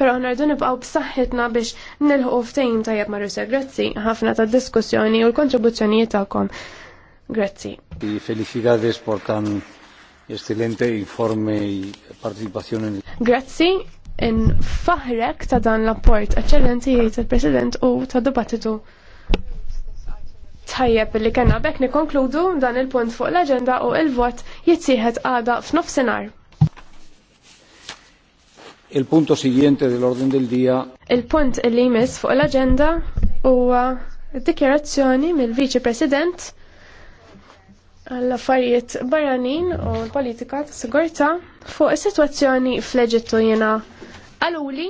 pero rdu nibqaw b'saħħitna biex nilħu ftejn tajjeb Marusa. Grazzi ħafna tad diskussjoni u l-kontribuzzjonijiet tagħkom. Grazzi. Felicidades por tan estilente informe partecipazzjoni. Grazzi infaħrek ta' dan l-apport eccellenti jgħid il-President u ta' dibattitu tajjeb li kena bekni nikkonkludu dan il-punt fuq l-aġenda u il-vot jittieħed għada f'nofsinhar. Il-punto siguiente dell'ordine del dia. Il-punt li jmiss fuq l-agenda huwa dikjarazzjoni mill-Viċi President għall-affarijiet barranin u l-politika ta' sigurtà fuq is-sitwazzjoni fl-Eġittu jena għaluli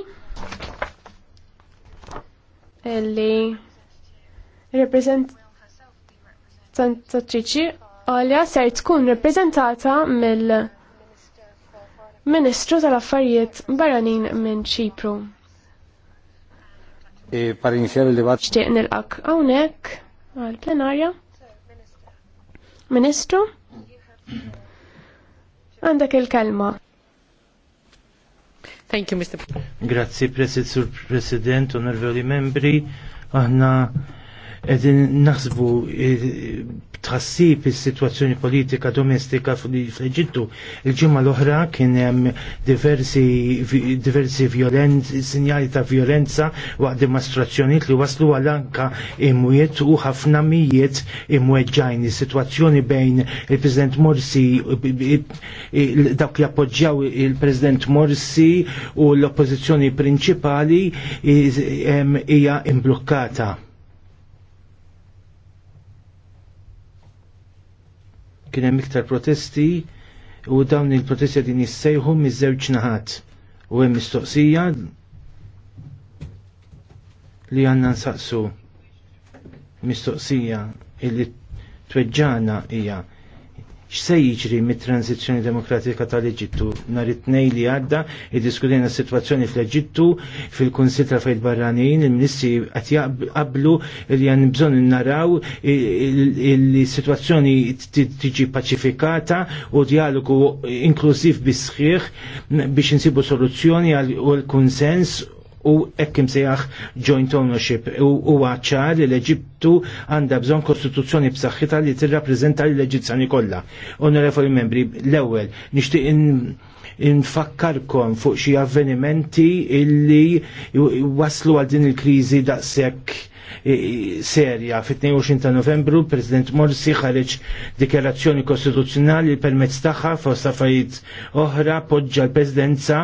li rappresentatriċi għalja ser tkun reprezentata mill- Ministru tal-Affarijiet Baranin minn Ċipru. E, Par inizjare il-dibat. Xtieq nilqak hawnhekk għall plenarja Ministru? Għandek il-kelma. Thank you, Mr. Grazie, President, Sur President, onorevoli membri, aħna edin naħsbu e, tħassib is-sitwazzjoni politika domestika fl-Eġittu. Il-ġimgħa l-oħra kien hemm diversi, diversi sinjali ta' violenza waqt dimostrazzjonijiet li waslu għal anka imwiet u ħafna mijiet imweġġajn. Is-sitwazzjoni bejn il-President Morsi dawk li appoġġjaw il-President Morsi u l-oppożizzjoni prinċipali hija imblukkata Kien hemm iktar protesti u dawn il-protesti din jissejħu miż-żewġ naħat u hemm mistoqsija li għanna nsaqsu mistoqsija illi tweġġana hija x'se jiġri mit-tranzizzjoni demokratika tal-Eġittu. Nhar it-tnejn li għadda iddiskutejna s-sitwazzjoni fl-Eġittu fil-Kunsil ta' Fejt Barranin, il-Ministri qed jaqblu li għan bżonn naraw il-sitwazzjoni tiġi paċifikata u dialogu inklużiv bis sħiħ biex insibu soluzzjoni għal konsens u ekkim sejaħ joint ownership u huwa ċar li l-Eġiptu għandha bżonn kostituzzjoni b'saħħitha li tirrappreżenta l eġizzani kollha. Onorevoli membri, l-ewwel nixtieq infakkarkom fuq xi avvenimenti illi waslu għal din il-kriżi daqshekk serja. Fit-22 ta' novembru, President Morsi ħareġ dikjarazzjoni kostituzzjonali permezz tagħha fost affarijiet oħra poġġa l-Presidenza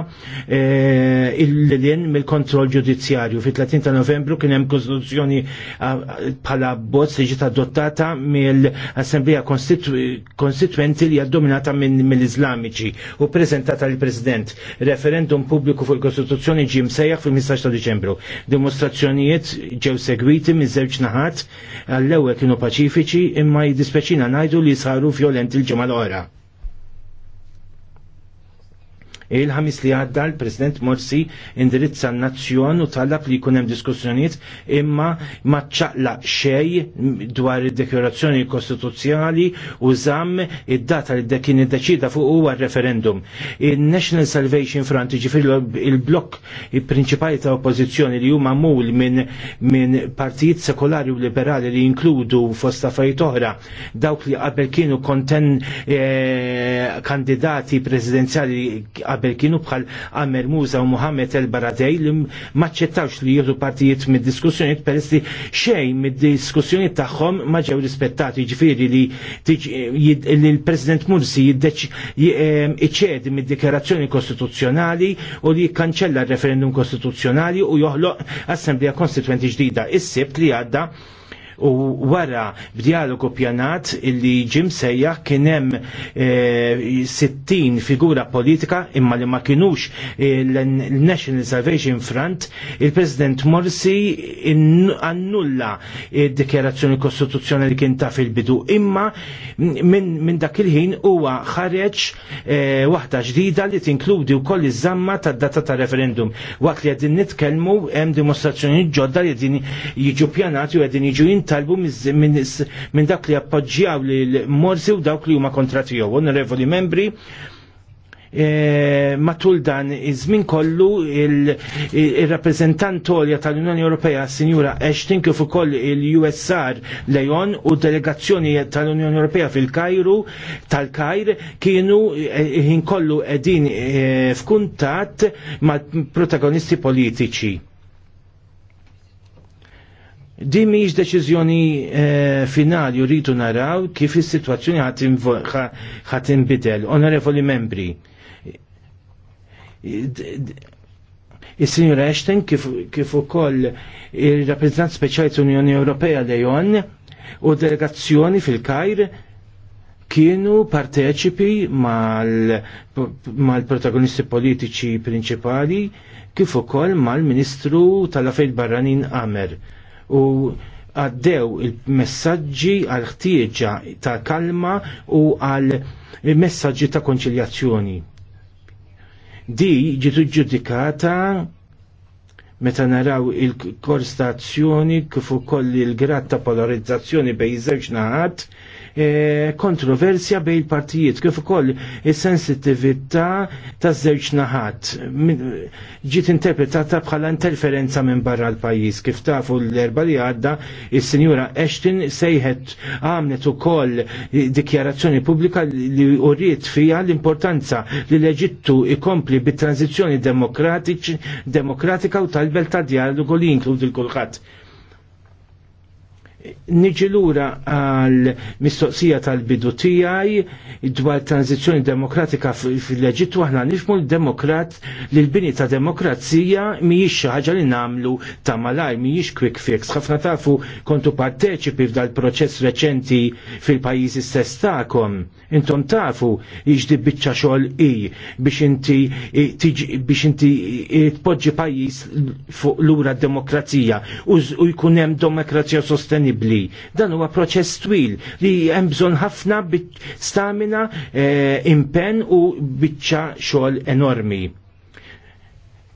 eh, il-lien mill-kontroll ġudizzjarju. Fit-30 ta' novembru kien hemm kostituzzjoni bħala bozz li ġiet adottata mill-Assemblea Konstituenti li minn mill-Iżlamiċi u preżentata l-President. Referendum pubbliku fuq il-Kostituzzjoni ġie msejjaħ fil-15 ta' Diċembru. Dimostrazzjonijiet ġew segwi segwiti iż żewġ naħat għall-ewwel kienu paċifiċi imma jiddispeċina ngħidu li saru vjolenti l-ġimgħa l oħra Il-ħamis li għadda l-President Morsi indirizza n-nazzjon u talab li jkun hemm diskussjonijiet imma ma ċaqla xej dwar id-dekjorazzjoni kostituzzjali u żamm id-data li id iddeċida fuq huwa referendum. Il-National Salvation Front ġifir il-blok il-prinċipali ta' oppożizzjoni li huma mul minn min partijiet sekolari u liberali li jinkludu fost fajtohra oħra dawk li qabel kienu konten eh, kandidati prezidenziali qabel kienu bħal Amer Musa u Muhammed El Baradej li maċċettawx li jieħdu partijiet mid-diskussjoniet peress li xejn mid-diskussjoniet tagħhom ma ġew rispettati ġifieri li l-President Mursi jiddeċ iċċedi mid-dikjarazzjoni kostituzzjonali u li jikkanċella r-referendum kostituzzjonali u joħloq Assemblea Konstituenti ġdida. is sebt li għadda u wara b'dialogu pjanat illi ġim sejja kien hemm 60 eh, figura politika imma li ma kinux eh, l-National Salvation Front il-President Morsi annulla id-dikjarazzjoni eh, kostituzzjonali kien ta' fil-bidu imma minn min dak il-ħin huwa ħareġ waħda ġdida li tinkludi wkoll iż-żamma tad-data ta' referendum. Waqt li qegħdin nitkellmu hemm dimostrazzjoni ġodda li qegħdin jiġu pjanati u qegħdin jiġu jint talbu minn dak li appoġġjaw li morsi u dawk li huma kontra tiegħu. Onorevoli membri, E, matul dan iż-żmien kollu il-rappreżentantolja il tal-Unjoni Ewropea Sinjura Ashton kif ukoll il-USR Lejon u delegazzjoni tal-Unjoni Ewropea fil-Kajru tal-Kajr kienu e, ħin kollu qegħdin e, f'kuntatt mal-protagonisti politiċi Din mhijiex deċiżjoni eh, finali finali rritu naraw kif is-sitwazzjoni ħadd inbidel. Onorevoli membri, il sinjur Ashton kif, ukoll il-rappreżentant speċjali tal-Unjoni Ewropea Lejon u delegazzjoni fil-Kajr kienu parteċipi mal-protagonisti politiċi prinċipali kif ukoll mal-Ministru tal-Affarijiet Barranin Amer u għaddew il-messagġi għal ħtieġa ta' kalma u għal messagġi ta' konċiljazzjoni. Di ġitu ġudikata meta naraw il korstazzjoni kif ukoll il grat ta' polarizzazzjoni bejn żewġ naħat E, kontroversja bejn partijiet kif ukoll is-sensittività taż-żewġ naħat ġiet interpretata bħala interferenza minn barra l-pajjiż kif tafu l-erba li għadda is-sinjura Ashton sejħet għamlet ukoll dikjarazzjoni pubblika li uriet fija l-importanza li l-Eġittu ikompli bit-tranzizzjoni demokratika u talbel ta' dialogu li jinkludi l-kulħadd Niġi lura għal mistoqsija tal-bidu tiegħi dwar tranzizjoni demokratika fil leġittu aħna nifmu l-demokrat li l-bini ta' demokrazija mhijiex xi ħaġa li nagħmlu ta' malaj mhijiex quick fix. Ħafna tafu kontu parteċipi f'dal proċess reċenti fil-pajjiżi stess tagħkom. Intom tafu jiġdi biċċa xogħol i biex inti biex inti tpoġġi pajjiż fuq lura d demokrazija u jkun hemm demokrazija sostenibli sostenibli. Dan huwa proċess twil li hemm bżonn ħafna stamina, eh, impenn u biċċa xogħol enormi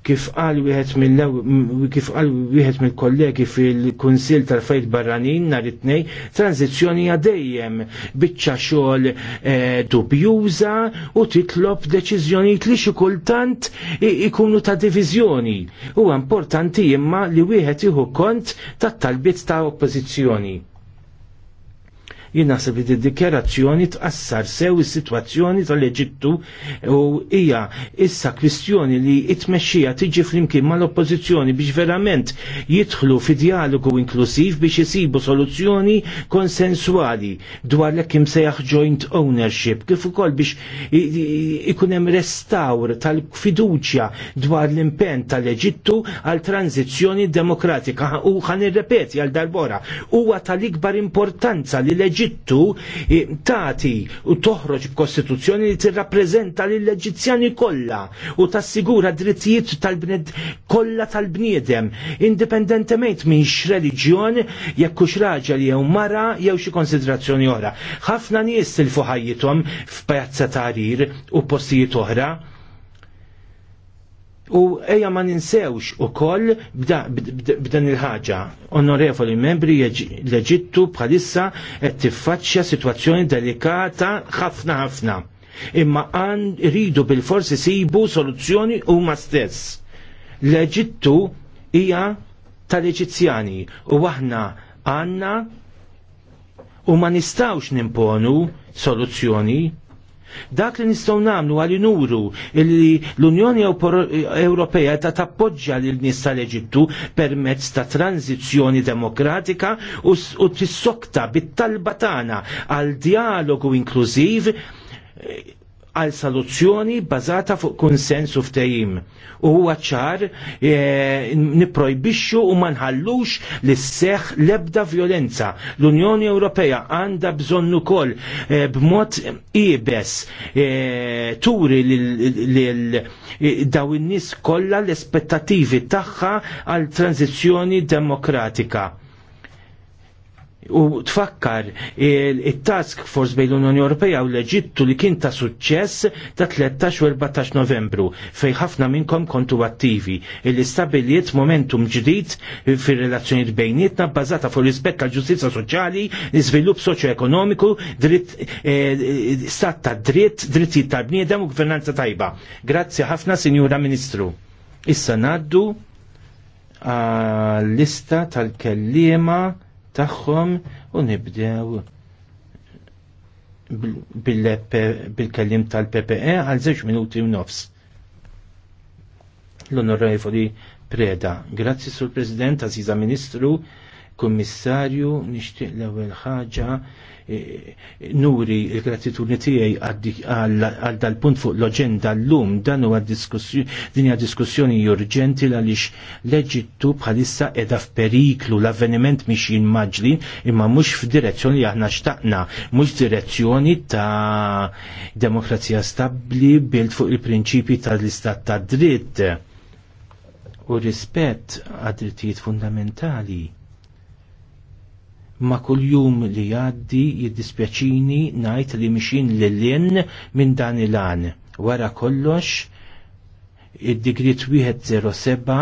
kif qal wieħed mill kif qal wieħed mill-kollegi fil-Kunsill tal-Fejt Barranin nhar it-tnej, tranzizzjoni dejjem biċċa xogħol eh, dubjuża u titlob deċiżjonijiet li xi kultant ikunu ta' diviżjoni. Huwa importanti imma li wieħed iħu kont tat-talbiet ta' oppożizzjoni. Jien naħseb li d-dikjerazzjoni tqassar sew is-sitwazzjoni tal-Eġittu u hija issa kwistjoni li t-tmexxija tiġi flimkien mal-oppożizzjoni biex verament jidħlu fi dialogu inklusiv biex isibu soluzzjoni konsensuali dwar l kim imsejjaħ joint ownership kif ukoll biex ikun hemm restawr tal-fiduċja dwar l-impenn tal-Eġittu għal tranzizzjoni demokratika u ħanirrepeti għal darbora huwa tal-ikbar importanza li l-Eġittu l-Eġittu tati u toħroġ b'Kostituzzjoni li tirrappreżenta lill eġizzjani kollha u tassigura drittijiet tal-bned kollha tal-bniedem indipendentement minn reliġjon jekk hux raġel jew mara jew xi konsiderazzjoni oħra. Ħafna nies tilfu ħajjithom f'pjazza tarir u postijiet oħra U eja ma ninsewx u koll b'dan il-ħagġa. Onorevoli membri l-Eġittu bħalissa qed tiffaċċja situazzjoni delikata ħafna ħafna. Imma għan ridu bil-forsi sibu soluzzjoni huma stess. L-Eġittu hija tal-Eġizzjani u aħna għanna u ma nistawx nimponu soluzzjoni Dak li nistgħu nagħmlu għal inuru li l-Unjoni Ewropea ta' tappoġġja lil nies tal-Eġittu permezz ta' tranzizzjoni demokratika u tissokta bit-talba tagħna għal dialogu inklużiv għal soluzzjoni bazata fuq konsensu ftehim. U huwa ċar e, niprojbixxu u ma nħallux li seħ lebda violenza. L-Unjoni Ewropea għandha bżonn ukoll e, b'mod ibes e, turi lil e, daw in-nies kollha l espettattivi tagħha għal tranzizzjoni demokratika u tfakkar il-task force bejn l-Unjoni Ewropea u l-Eġittu li kien ta' suċċess ta' 13 u 14 Novembru fej ħafna minnkom kontu attivi il stabiliet momentum ġdid fir relazzjoniet bejnietna bbażata fuq rispett tal ġustizza soċjali, iżvilupp soċjoekonomiku, dritt eh, stat ta' dritt, drittijiet tal bniedem u gvernanza tajba. Grazzi ħafna, Sinjura Ministru. Issa naddu lista tal-kellima tagħhom u nibdew bil-kellim tal-PPE għal żewġ minuti u nofs. L-onorevoli Preda, grazzi sul President, Aziza Ministru, Kommissarju nixtieq l-ewwel ħaġa eh, nuri l-gratitudni tiegħi għal dal-punt fuq l-oġenda llum dan huwa din hija diskussjoni urġenti għaliex l bħalissa qiegħda f'periklu l-avveniment mhix jinmaġli imma mhux f'direzzjoni li aħna xtaqna, mhux direzzjoni ta' demokrazija stabbli bilt fuq il-prinċipji tal-istat ta' dritt u rispett għad drittijiet fundamentali ma kuljum li jaddi jiddispjaċini najt li mixin l-lin minn dan il-għan. Wara kollox, id-digrit 207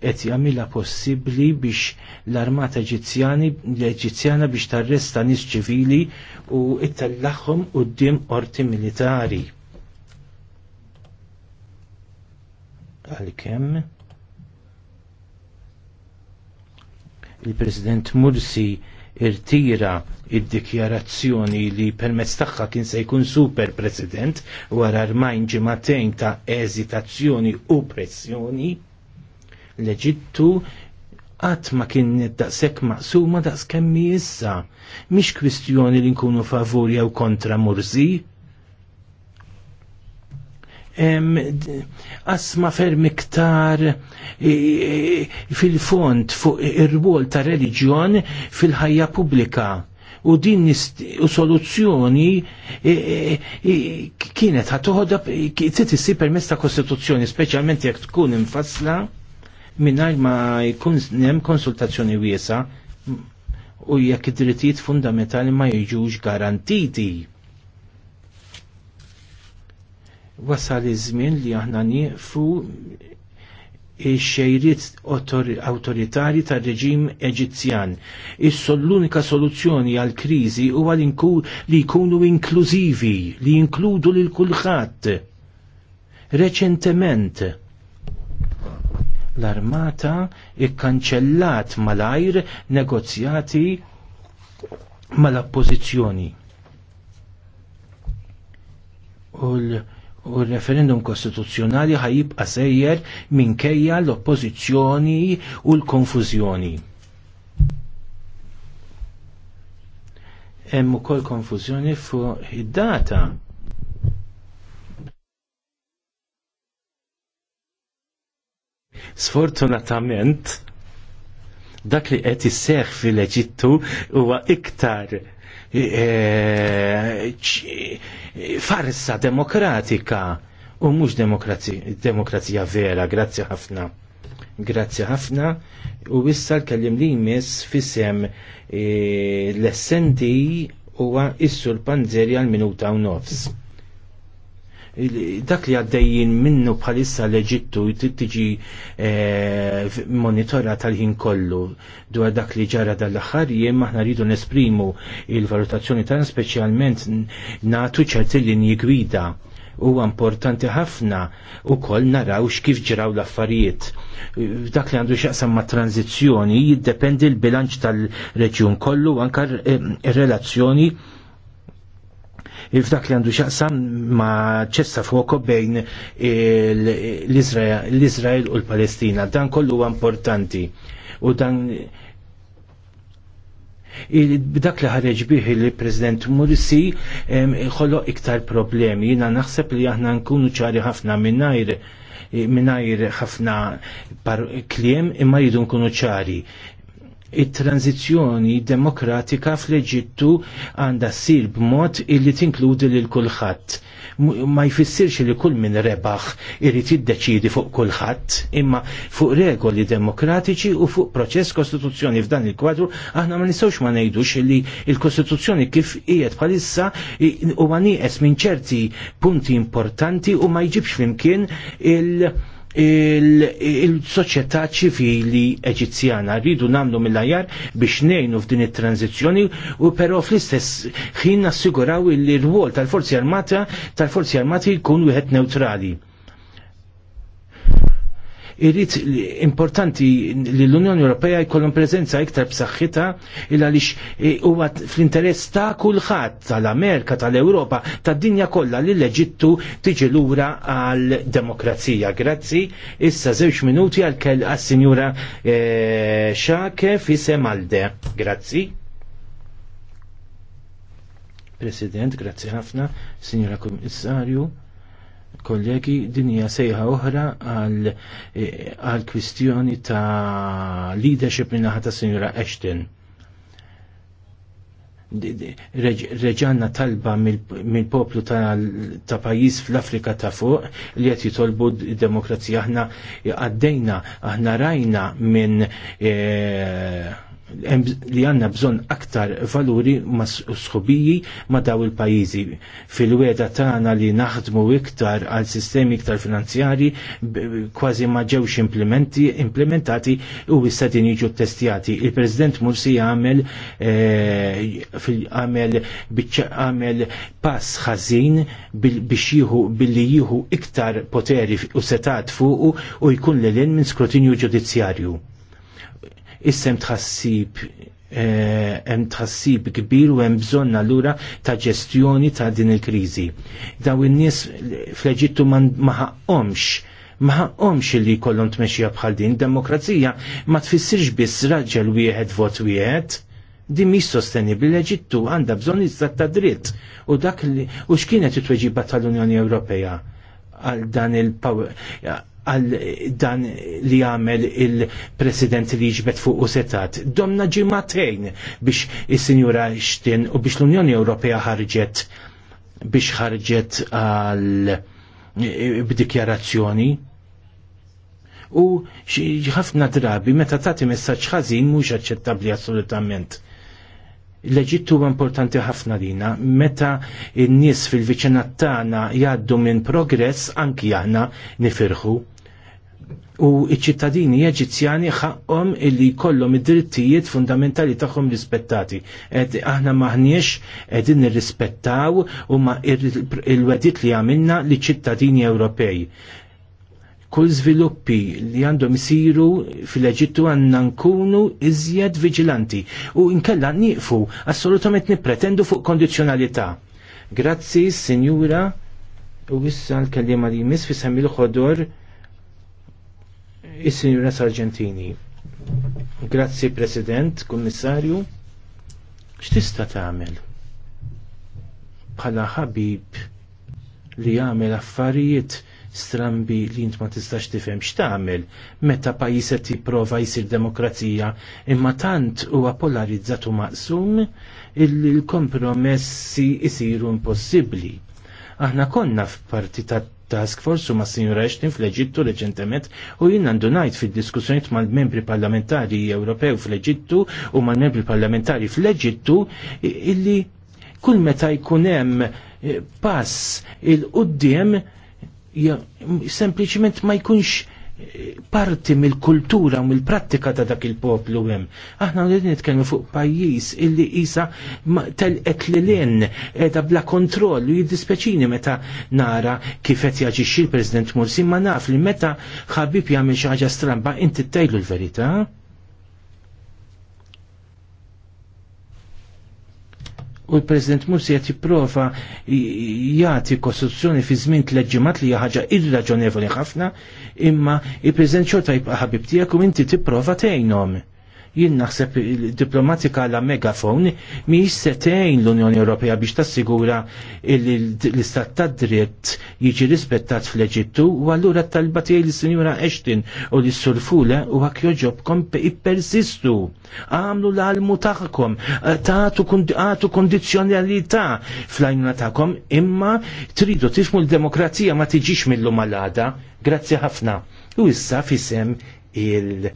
qed jagħmilha possibbli biex l-armata Eġizzjani l-Eġizzjana biex tarresta nies ċivili u d quddiem qorti militari. Għalkemm il-President Mursi irtira id-dikjarazzjoni li permezz tagħha kien se jkun super president wara armajn ġimatejn ta' eżitazzjoni u pressjoni l-Eġittu qatt ma kien daqshekk maqsuma daqs kemmi issa mhix kwistjoni li nkunu favuri jew kontra Mursi asma ferm iktar fil-font fuq ir-rwol ta' reliġjon fil-ħajja pubblika u din u soluzzjoni kienet ħatuħoda issib permess ta' kostituzzjoni, speċjalment jekk tkun infassla mingħajr ma jkun hemm konsultazzjoni wiesa u jekk id-drittijiet fundamentali ma jiġux garantiti. wasal iż-żmien li aħna nieqfu xejriet awtoritarji tar reġim Eġizzjan. Issu l-unika soluzzjoni għal kriżi huwa li jkunu inklużivi, li jinkludu lil kulħadd. Reċentement, l-armata ikkanċellat malajr negozjati mal-appożizzjoni. U l u referendum kostituzzjonali ħajibqa' sejjer minkejja l-oppożizzjoni u l-konfużjoni. Hemm ukoll konfużjoni fuq id-data. Sfortunatament, dak li qed isseħħ fil-Eġittu huwa iktar e, farsa demokratika u mhux demokrazija vera, grazzi ħafna. Grazzi ħafna u issa l-kellim li jmiss fisem e, l-essendi huwa issu l-panzerja l-minuta u nofs dak li għaddejjin minnu bħalissa l-Eġittu tiġi eh, monitora tal-ħin kollu dwar dak li ġara dal-aħħar jien aħna rridu nesprimu il-valutazzjoni tan speċjalment natu ċerti linji gwida huwa importanti ħafna u koll naraw x'kif ġraw l-affarijiet. Dak li għandu xaqsam ma' tranzizjoni jiddependi l-bilanċ tal-reġjun kollu anka eh, relazzjoni f'dak li għandu xaqsam ma ċessa fuqo bejn l-Izrael u l-Palestina. Dan kollu huwa importanti. U dan dak li ħareġ bih il-President Mursi ħollo iktar problemi. Jina naħseb li aħna nkunu ċari ħafna minnajr minnajr ħafna kliem imma jidu nkunu ċari it-tranzizjoni demokratika fl-Eġittu għandha ssir b'mod illi tinkludi lil kulħadd. Ma jfissirx li kull min rebaħ irid jiddeċidi fuq kulħadd, imma fuq regoli demokratiċi u fuq proċess kostituzzjoni f'dan il-kwadru aħna ma nistgħux ma ngħidux li l-Kostituzzjoni kif qiegħed bħalissa huwa nieqes minn ċerti punti importanti u ma jġibx flimkien il- il-soċjetà ċivili eġizzjana rridu nagħmlu mill-ajar biex ngħinu f'din it-tranzizzjoni u però fl-istess ħin nassiguraw il-rwol tal-Forzi Armata tal-Forzi Armati jkun wieħed neutrali irrit importanti li l-Unjoni Ewropea jkollhom preżenza iktar b'saħħitha il għaliex e, huwa fl-interess ta' kulħadd tal-Amerika, tal-Ewropa, tad-dinja kollha li l-Eġittu tiġi lura għal demokrazija. Grazzi, issa żewġ minuti għal kell għas-Sinjura e, Xake fi Malde. Grazzi. President, grazzi ħafna, Sinjura Kummissarju kollegi, din hija sejħa oħra għal eh, kwistjoni ta' leadership minna ħata Sinjura Ashton. Reġanna talba mill-poplu ta' pajis fl-Afrika ta' fuq li qed jitolbu d-demokrazija aħna għaddejna, aħna rajna minn eh, li għanna bżon aktar valuri ma sħobiji ma daw il-pajizi fil-weda tagħna li naħdmu iktar għal sistemi iktar finanzjari kważi ma ġewx implementati u issa din jiġu testjati. Il-President Mursi għamel eh, għamel għamel pass ħażin biex jihu billi jieħu iktar poteri u setat fuqu u jkun l-lin minn skrutinju ġudizzjarju issem tħassib eh, hemm tħassib kbir u hemm bżonn allura ta' ġestjoni ta' din il-kriżi. Daw in-nies fl-Eġittu ma ħaqhomx ma li jkollhom tmexxija bħal din demokrazija ma tfissirx biss raġel wieħed vot wieħed din mhix sostenibbli l-Eġittu għandha bżonn iżgħat ta' dritt u dak li u x'kienet it-tweġiba tal-Unjoni Ewropea għal dan il-power għal dan li għamel il-president li jġbet fuq u setat. Domna ġimatejn biex il-Sinjura Xtin u biex l-Unjoni Ewropea ħarġet biex ħarġet għal b'dikjarazzjoni. U ħafna drabi meta tagħti messaġġ ħażin mhux aċċettabbli assolutament. L-Eġittu huwa importanti ħafna lina, meta n-nies fil-viċinat tagħna jgħaddu minn progress anki aħna nifirħu u iċ-ċittadini Eġizzjani ħaqhom illi jkollhom id-drittijiet fundamentali tagħhom rispettati. Ed aħna maħniex qegħdin nirrispettaw u ma il-wedit li għamilna li ċittadini Ewropej. Kull żviluppi li għandhom isiru fil-Eġittu għandna nkunu iżjed viġilanti u nkella nieqfu assolutament nippretendu fuq kondizzjonalità. Grazzi, Sinjura, u issa l-kellima li jmiss fi semmi l ħodur Is-Sinjura Sargentini. Grazzi President, Kummissarju. X'tista' tagħmel? Bħala ħabib li jagħmel affarijiet strambi li jint ma tistax tifhem x'tagħmel meta pajjiż qed jipprova jsir demokrazija imma tant huwa polarizzat u maqsum il-kompromessi jsiru impossibbli. Aħna konna f'parti ta' task force u ma' Sinjura Eshtin fl-Eġittu reċentement u jien għandu ngħid fid-diskussjonijiet mal-membri parlamentari Ewropew fl-Eġittu u mal-membri parlamentari fl-Eġittu illi kull meta jkun hemm eh, pass il-qudiem sempliċement ma jkunx parti mill-kultura u mill-prattika ta' dak il-poplu hemm. Aħna rrid nitkellmu fuq pajjiż illi isa telqet li lin qiegħda bla kontroll u jiddispeċini meta nara kif qed jaġixxi l-President Mursi ma naf li meta ħabib jagħmel xi ħaġa stramba inti ttejlu l-verità. u l-President Mursi qed jipprova jagħti kostruzzjoni fi żmien tliet li hija ħaġa irraġonevoli ħafna imma i prezent xorta jibqa ħabib tiegħek u inti tipprova tgħinhom jien naħseb diplomatika għala megafon mi setejn l-Unjoni Ewropea biex tassigura l-istat ta' dritt jiġi rispettat fl-Eġittu u għallura talba tiegħi lis-Sinjura Ashton u lis-Sur Fule u għak joġobkom ippersistu. Għamlu l-almu tagħkom, taħtu kondizjonalità fl-għajnuna tagħkom imma tridu tifmu l-demokrazija ma tiġix mill lumalada għal Grazzi ħafna. U issa fisem il-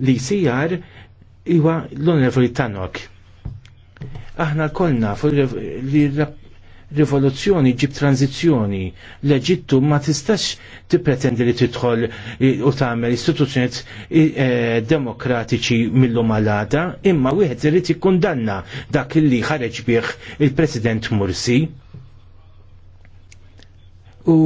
li sijar iwa l-onorevoli Tannok. Aħna kolna fu li rivoluzzjoni ġib tranzizjoni l-Eġittu ma tistax tippretendi li tidħol u tagħmel istituzzjonijiet e, demokratiċi millu malada imma wieħed irid jikkundanna dak li ħareġ bih il-President Mursi. U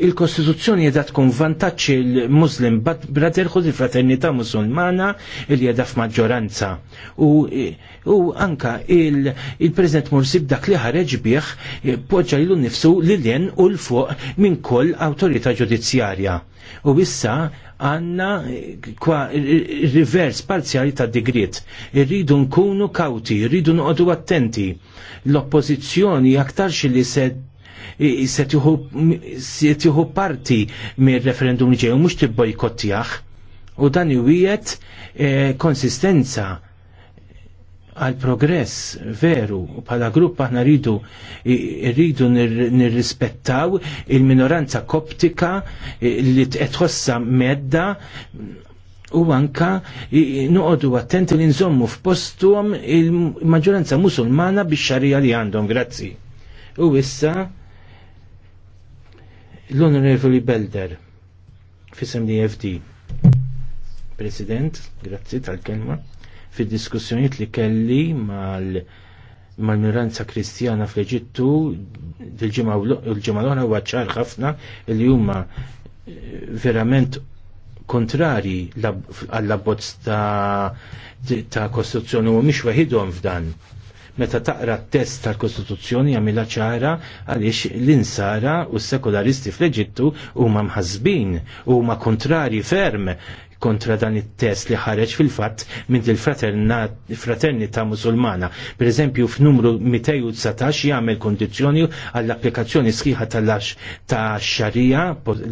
il-Kostituzzjoni jedha tkun vantaġġ il-Muslim Brotherhood il-Fraternità Musulmana li jedha f'maġġoranza. U, u anka il-President il Mursi b'dak li ħareġ bih poġġa lilu nnifsu lilien u l-fuq minn koll awtorità ġudizzjarja. U issa għanna kwa rivers parzjali ta' digrit. Irridu nkunu kauti, irridu nqodu attenti. L-oppozizjoni aktarx li sed se tieħu parti mir-referendum li ġej u mhux U dan ju wijet eh, konsistenza għal progress veru pala grupp aħna rridu rridu nirrispettaw il-minoranza koptika li tħossa medda u anka noqodu attenti li nżommu f'postum il-maġġoranza musulmana bix xarija li għandhom, grazzi. U issa L-Onorevoli Belder, fissem li FD. President, grazzi tal-kelma, fid diskussjoniet li kelli mal mal-miranza kristjana fl-Eġittu il-ġimgħa l-oħra ċar ħafna li huma eh, verament kontrari għall-abbozz ta' ta' kostruzzjoni u mhix weħidhom f'dan Meta taqra t-test tal-Kostituzzjoni jagħmilha ċara għaliex l-insara u s-sekolaristi fl-Eġittu huma mħazbin, huma kontrari ferm kontra dan it-test li ħareġ fil-fatt minn il-fraternità musulmana. Per eżempju, f'numru 219 jagħmel kondizjoni għall-applikazzjoni sħiħa tal-għax ta' xarija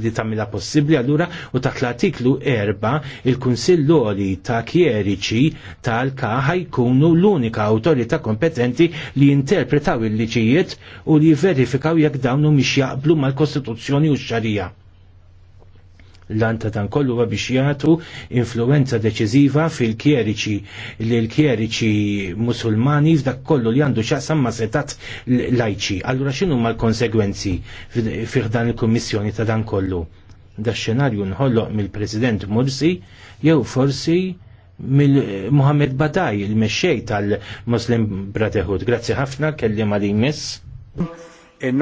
li tagħmilha possibbli allura u taħt l-artiklu 4 il-Kunsill ta' Kjeriċi tal-Ka ħajkunu l-unika awtorità kompetenti li jinterpretaw il-liġijiet u li verifikaw jekk dawn mhumiex jaqblu mal-Kostituzzjoni u x-xarija L-anta tan kollu biex jagħtu influenza deċiżiva fil-kjeriċi li l-kjeriċi musulmani f'dak kollu li għandu xaqsam ma' setat lajċi. Allura ma l konsegwenzi fih dan il-Kummissjoni ta' dan kollu? Da xenarju nħolloq mill-President Mursi jew forsi mill-Muhammed Badaj, il-mexxej tal-Muslim Brotherhood. Grazzi ħafna, ma li jmiss. E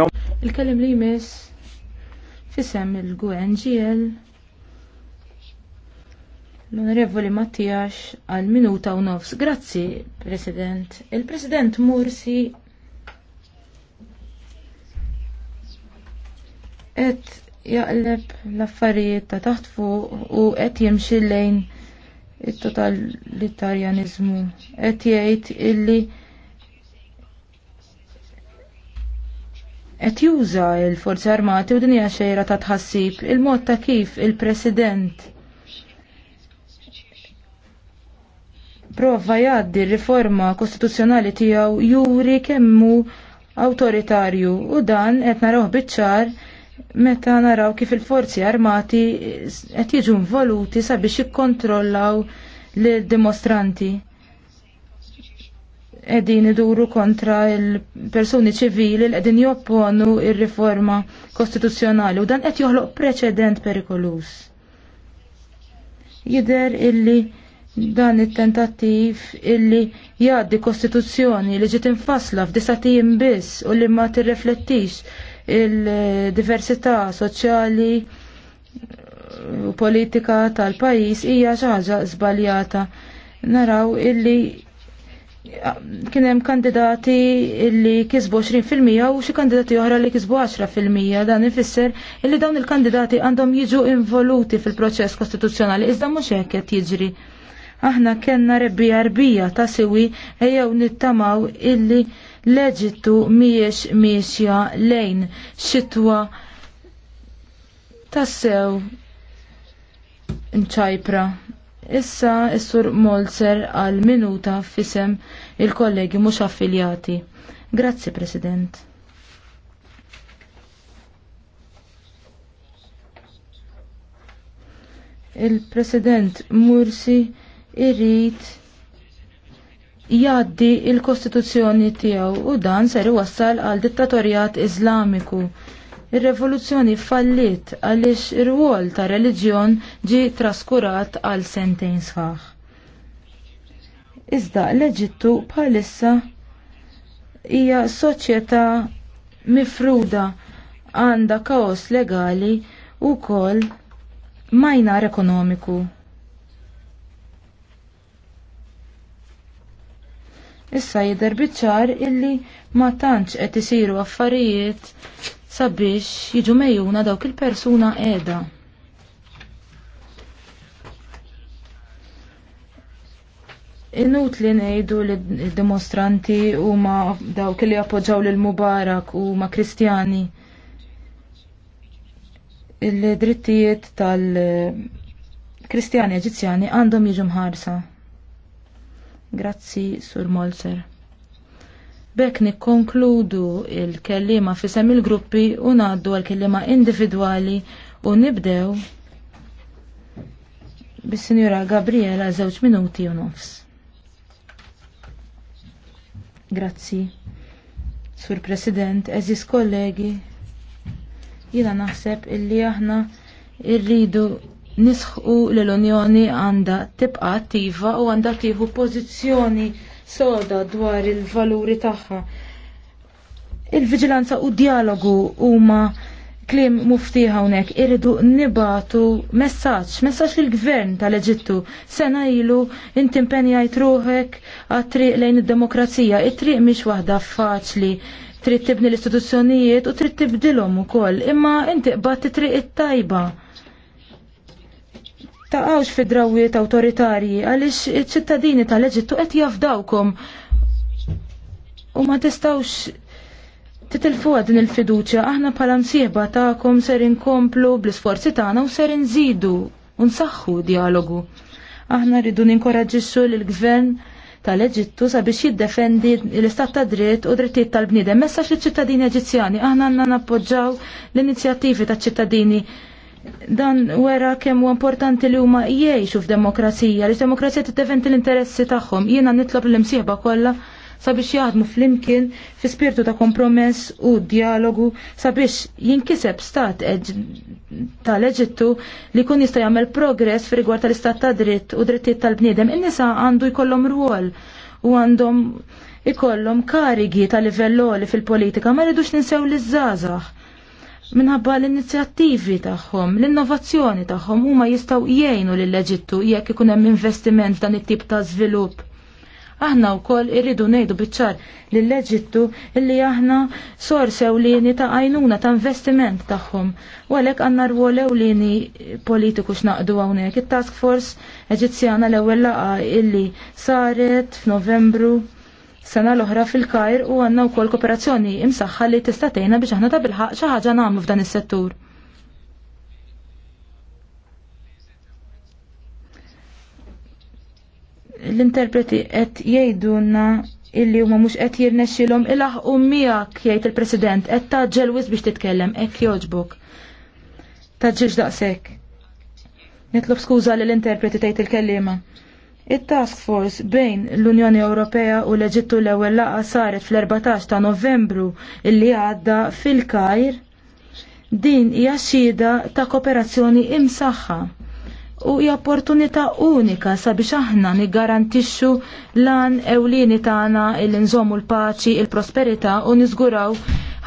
Il-kellim li jmiss fisem il-GUNGL L-Onorevoli Mattijax għal minuta u nofs. Grazzi, President. Il-President Mursi et jaqleb l-affarijiet ta' taħt fuq u qed jimxi lejn il-totalitarianizmu. Qed jgħid illi qed juża l-forzi armati u din hija xejra ta' tħassib il-mod ta' kif il-President prova jgħaddi riforma kostituzzjonali tiegħu juri kemmu awtoritarju u dan qed naraw biċ-ċar meta naraw kif il-forzi armati qed jiġu involuti sabiex jikkontrollaw l-dimostranti. Qegħdin iduru kontra il-persuni ċivili li qegħdin jopponu ir-riforma kostituzzjonali u dan qed joħloq preċedent perikolus. Jider illi dan it-tentattiv illi jgħaddi kostituzzjoni li ġiet infasla f'disatijin biss u li ma tirreflettix il-diversità soċjali u politika tal-pajis hija xi ħaġa żbaljata. Naraw illi kien hemm kandidati illi kisbu 20% u xi kandidati oħra li kisbu 10% dan ifisser illi dawn il-kandidati għandhom jiġu involuti fil-proċess kostituzzjonali iżda mhux hekk qed jiġri aħna kenna rebbija arbija ta' siwi ejjew nittamaw illi leġittu miex miexja lejn xitwa tassew nċajpra. Issa s-sur Molzer għal minuta fisem il-kollegi mhux affiljati. Grazzi, President. Il-President Mursi irrid jaddi il-Kostituzzjoni tiegħu u dan ser iwassal għal dittatorjat Iżlamiku. il revoluzzjoni fallit għaliex ir-wol ta' reliġjon ġi traskurat għal sentejn sħaħ. Iżda l-Eġittu bħalissa hija soċjetà mifruda għandha kaos legali u kol majnar ekonomiku. Issa jidher biċ-ċar illi ma tantx qed isiru affarijiet sabiex jiġu mejjuna dawk il-persuna qiegħda. Inutli ngħidu li d-dimostranti huma dawk li appoġġaw lil Mubarak huma Kristjani. Il-drittijiet tal-Kristjani Eġizzjani għandhom jiġu mħarsa. Grazzi, Sur Molzer. Bek nikkonkludu il-kellima fi sem il-gruppi u naddu għal-kellima individuali u nibdew bis-Sinjura Gabriela żewġ minuti u nofs. Grazzi. Sur President, eżis kollegi, jina naħseb illi aħna irridu nisħu li l-Unjoni għandha tibqa' attiva u għandha tieħu pożizzjoni soda dwar il-valuri tagħha. Il-viġilanza u dialogu huma klim muftiħa hawnhekk iridu nibatu messaġġ, messaġġ lill gvern tal-Eġittu. Sena ilu inti ruħek għat-triq lejn id-demokrazija, it-triq mhix waħda faċli trid tibni l-istituzzjonijiet u trid tibdilhom ukoll, imma inti qbad titriq it-tajba. it tajba taqgħux fi drawiet awtoritarji għaliex ċittadini tal-Eġittu qed jafdawkom u ma tistawx titilfu din il-fiduċja aħna bħala nsieba tagħkom ser inkomplu bl-isforzi tagħna u ser inżidu u nsaħħu dialogu. Aħna rridu ninkoraġġixxu lill-gvern tal-Eġittu sabiex jiddefendi l-istat ta' dritt u drittijiet tal-bniedem. Messax liċ ċittadini Eġizzjani aħna għandna nappoġġaw l-inizjattivi taċ ċittadini dan wera kemm huwa importanti li huma jgħixu f'demokrazija, li demokrazija tiddefendi l-interessi tagħhom. Jiena nitlob l-imsieħba kollha sabiex jaħdmu fl-imkien fi spirtu ta' kompromess u dialogu sabiex jinkiseb stat tal-Eġittu li kun jista' jagħmel progress fi rigward tal-istat ta' dritt u drittijiet tal-bniedem. In-nisa għandu jkollhom rwol u għandhom ikollhom karigi ta' livell fil-politika ma rridux ninsew l-żgħażagħ minħabba l-inizjattivi tagħhom, l-innovazzjoni tagħhom huma jistgħu jgħinu lill eġittu jekk ikun hemm investiment dan it-tip ta' żvilupp. Aħna wkoll irridu ngħidu biċ-ċar lil eġittu illi aħna sors ewlieni ta' għajnuna ta' investiment tagħhom. U għalhekk għandna rwol ewlieni politiku x'naqdu hawnhekk. It-task force Eġizzjana l-ewwel laqgħa illi saret f'Novembru sena l-oħra fil-kajr u għanna u koll kooperazzjoni imsaxħa li tistatejna biex aħna ta' bilħaq xaħġa namlu f'dan is-settur. L-interpreti qed jgħidulna illi huma mhux qed jirnexxilhom ilaħqu miegħek jgħid il-President qed taġġel wis biex titkellem hekk jogħġbok. Taġġilx daqshekk. Nitlob skuża lill-interpreti tgħid il-kellima. Il-task force bejn l-Unjoni Ewropea u l-Eġittu l-ewwel laqgħa saret fl-14 ta' Novembru illi għadda fil-Kajr din hija xhieda ta' kooperazzjoni imsaħħa u hija opportunità unika sabiex aħna niggarantixxu lan ewlieni tagħna il nżommu l-paċi, il-prosperità u niżguraw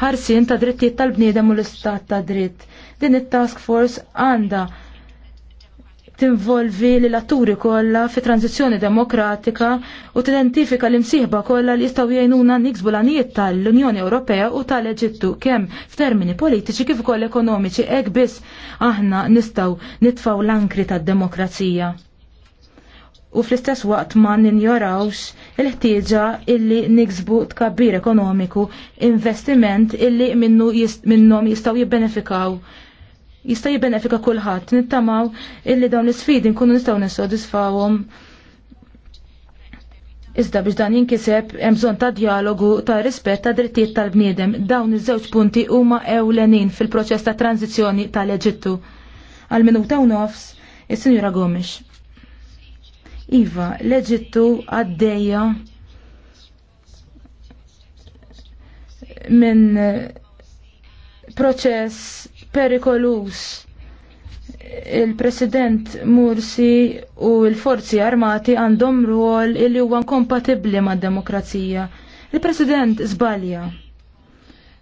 ħarsien ta' drittijiet tal-bniedem u l-istat ta' dritt. Din it-task force għandha tinvolvi li l-atturi kollha fi tranzizzjoni demokratika u tidentifika l-imsieħba kollha li jistgħu jgħinuna niksbu l anijiet tal-Unjoni Ewropea u tal-Eġittu kemm f'termini politiċi kif ukoll ekonomiċi hekk biss aħna nistgħu nitfaw l-ankri tad-demokrazija u fl-istess waqt ma ninjorawx il-ħtieġa illi niksbu tkabbir ekonomiku, investiment illi minnu jist, minnom jistaw jibbenefikaw jista' jibbenefika kulħadd. Nittamaw illi dawn l-isfidi nkunu nistgħu nissodisfawhom. Iżda biex dan jinkiseb hemm bżonn ta' dialogu ta' rispett ta' drittijiet tal-bniedem. Dawn iż-żewġ punti huma ewlenin fil-proċess ta' tranzizzjoni tal-Eġittu. Għal minuta u nofs, is-Sinjura Gomex. Iva, l-Eġittu għaddejja minn proċess perikolus il-President Mursi u l-forzi armati għandhom rwol illi huwa kompatibbli mad demokrazija. Il-President zbalja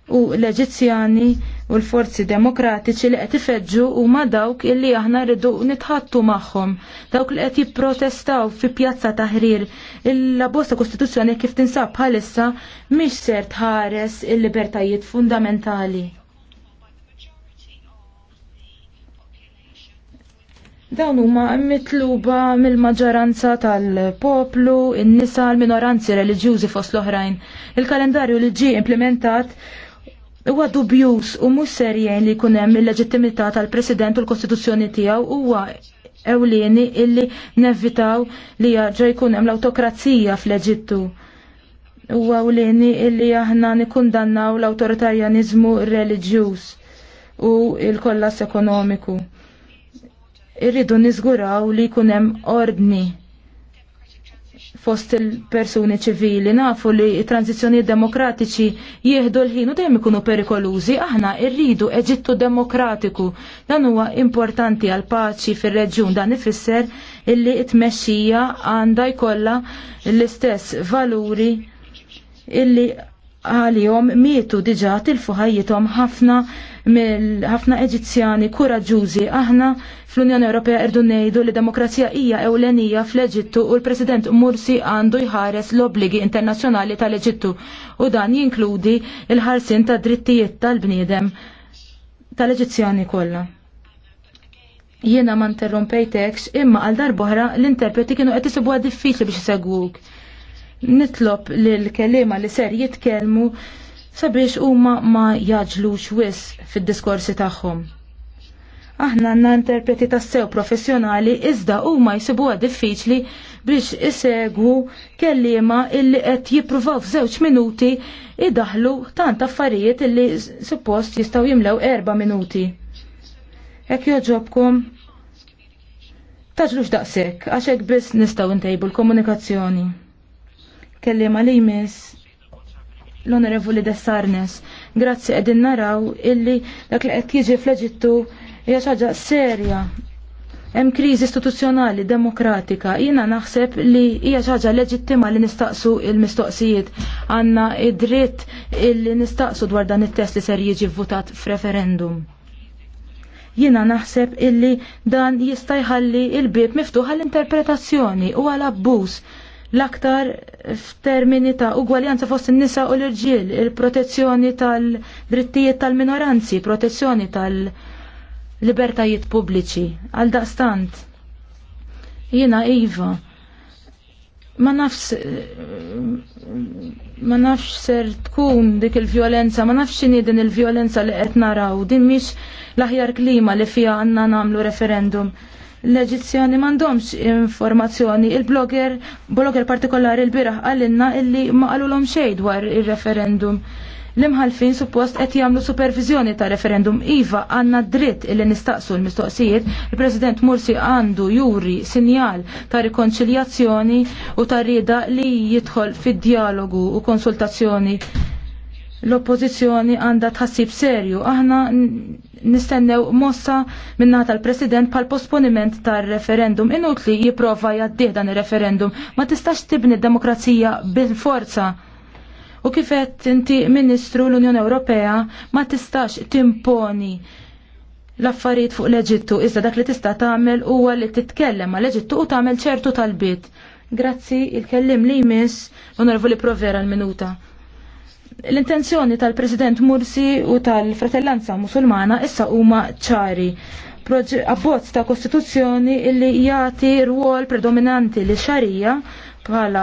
u l-Eġizzjani u l-forzi demokratiċi li qed ifeġġu huma dawk illi aħna rridu nitħattu magħhom, dawk li qed jipprotestaw fi pjazza taħrir. La bosta Kostituzzjoni kif tinsab bħalissa mhix ser tħares il-libertajiet fundamentali. Dawn huma mitluba mill-maġġoranza tal-poplu, in-nisa l-minoranzi reliġjużi fost l-oħrajn. Il-kalendarju li ġie implementat huwa dubjuż u mhux serjen li jkun hemm il-leġittimità tal-President u l-Kostituzzjoni tiegħu huwa ewlieni illi nevitaw li jarġa' jkun hemm l-awtokrazija fl-Eġittu. Huwa ewlieni illi aħna nikkundannaw l-awtoritarjaniżmu reliġjuż u l-kollass ekonomiku irridu niżguraw li jkun hemm ordni fost il-persuni ċivili nafu li tranzizjoni demokratiċi jieħdu l-ħin u dejjem ikunu perikolużi, aħna rridu Eġittu demokratiku. Dan huwa importanti għal paċi fir-reġjun dan ifisser illi t-tmexxija għandha jkollha l-istess valuri illi għalihom mietu diġa tilfu ħajjithom ħafna ħafna Eġizzjani kuraġużi aħna fl-Unjoni Ewropea irdu ngħidu li demokrazija hija ewlenija fl-Eġittu u l-President Mursi għandu jħares l-obbligi internazzjonali tal-Eġittu u dan jinkludi il-ħarsin ta' drittijiet tal-bniedem tal-Eġizzjani kollha. Jiena ma interrompejtekx imma għal darbohra l-interpreti kienu qed isibuha diffiċli biex isegwuk nitlob l-kelima li ser jitkelmu sabiex huma ma jaġlux wis fid-diskorsi tagħhom. Aħna għandna interpreti tas-sew professjonali iżda huma jsibuha diffiċli biex isegwu kelliema illi qed jippruvaw f'żewġ minuti idaħlu tant affarijiet illi suppost jistgħu jimlew erba' minuti. Ek joġobkom taġlux daqshekk għax hekk biss nistgħu ntejbu l-komunikazzjoni kellima li jmiss l-Onorevoli Dessarnes. Grazzi qegħdin naraw illi dak li qed jiġi jaxħaġa ħaġa serja. Hemm kriżi istituzzjonali demokratika. Jiena naħseb li hija ħaġa leġittima li nistaqsu il-mistoqsijiet. Għandna id-dritt illi nistaqsu dwar dan it-test li ser jiġi vvutat f'referendum. Jiena naħseb illi dan jista' jħalli il-bib miftuħ għall-interpretazzjoni u għall-abbuż l-aktar f'termini ta' ugwaljanza fost in-nisa u l-irġiel, il-protezzjoni tal-drittijiet tal-minoranzi, protezzjoni tal-libertajiet pubbliċi. Għal daqstant, jiena Iva, ma nafx ma nafx ser tkun dik il-vjolenza, ma nafx xini din il-vjolenza li qed naraw, din mhix l-aħjar klima li fija għandna nagħmlu referendum l-Eġizzjani mandomx informazzjoni. Il-blogger, blogger partikolari l-biraħ għallinna illi ma għalulom xej dwar il-referendum. L-imħalfin suppost qed jagħmlu supervizjoni ta' referendum iva għandna dritt illi nistaqsu l-mistoqsijiet, il-President Mursi għandu juri sinjal ta' rikonċiljazzjoni u ta' rida li jidħol fid-dialogu u konsultazzjoni. L-oppożizzjoni għandha tħassib serju. Aħna nistennew mossa minna tal-President pal posponiment tal-referendum. Inutli jiprofa jaddih dan il-referendum. Ma tistax tibni demokrazija bil-forza. U kifet inti Ministru l-Unjoni Ewropea ma tistax timponi l-affarijiet fuq l-Eġittu. Iżda dak li tista' tagħmel huwa li titkellem ma leġittu eġittu u tagħmel ċertu tal-bit. Grazzi, il-kellim li jmiss, onorevoli Provera l-minuta. L-intenzjoni tal-President Mursi u tal-Fratellanza Musulmana issa huma ċari. Abbozz ta' Kostituzzjoni illi jagħti rwol predominanti li xarija bħala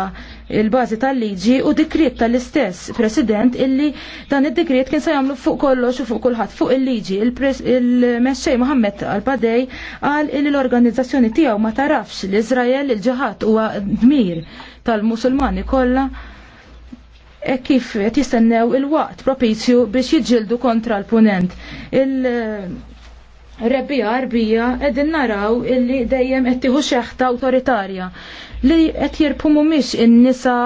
il-bażi tal-liġi u dikriet tal-istess President illi dan id dikrit kien se jagħmlu fuq kollox u fuq kulħadd fuq il-liġi. Il-Mexxej Muhammed al-Badej qal illi l-organizzazzjoni tiegħu ma tarafx l-Iżrael il ġahat huwa dmir tal-Musulmani kollha E kif qed jistennew il-waqt propizju biex jidġildu kontra l-punent. Il-rebbija arbija qegħdin naraw illi dejjem qed tieħu xeħta awtoritarja li qed jirpu mhumiex in-nisa